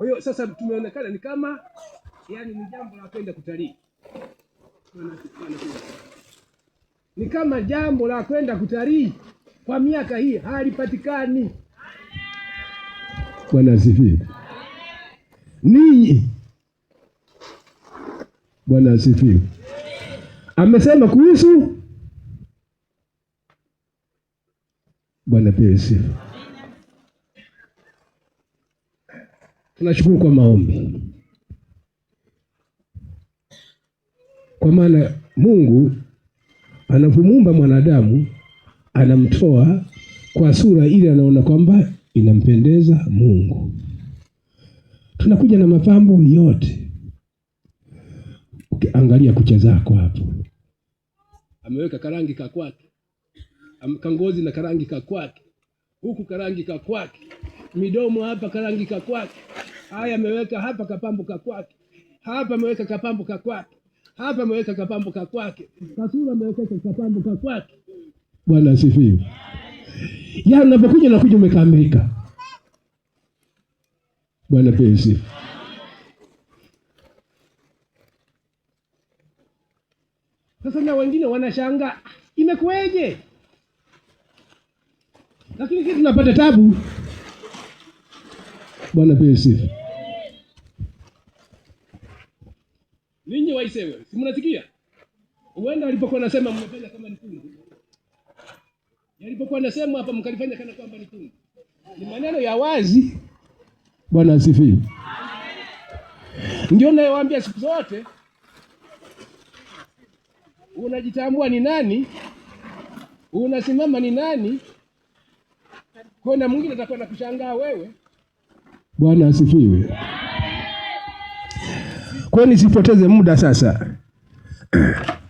Kwa hiyo sasa tumeonekana ni kama yani ni jambo la kwenda kutalii, ni kama jambo la kwenda kutalii kwa miaka hii halipatikani. Bwana asifiwe. Ninyi Bwana asifiwe. Amesema kuhusu Bwana pia asifiwe. Tunashukuru kwa maombi, kwa maana Mungu anapomuumba mwanadamu anamtoa kwa sura ile anaona kwamba inampendeza Mungu. Tunakuja na mapambo yote, ukiangalia kucha zako hapo, ameweka karangi kakwake, kangozi na karangi kakwake, huku karangi kakwake midomo hapa karangi kakwake, haya ameweka hapa kapambo kakwake, hapa ameweka kapambo kakwake, hapa ameweka kapambo kakwake, kasura ameweka kapambo kakwake. Bwana asifiwe. Ya yaani unapokuja nakuja umekamilika. Bwana pia asifiwe. Sasa na wengine wanashangaa imekuweje, lakini sisi tunapata tabu. Bwana pia sifa. Ninyi waisewe, si mnasikia? Uenda alipokuwa nasema mmefanya kama ni kungu. Yalipokuwa anasema hapa mkalifanya kana kwamba ni kungu. Ni maneno ya wazi. Bwana asifiwe. Ndio nayowaambia siku zote. Unajitambua ni nani? Unasimama ni nani? na mwingine atakwenda kushangaa wewe. Bwana asifiwe. Kwa nisipoteze muda sasa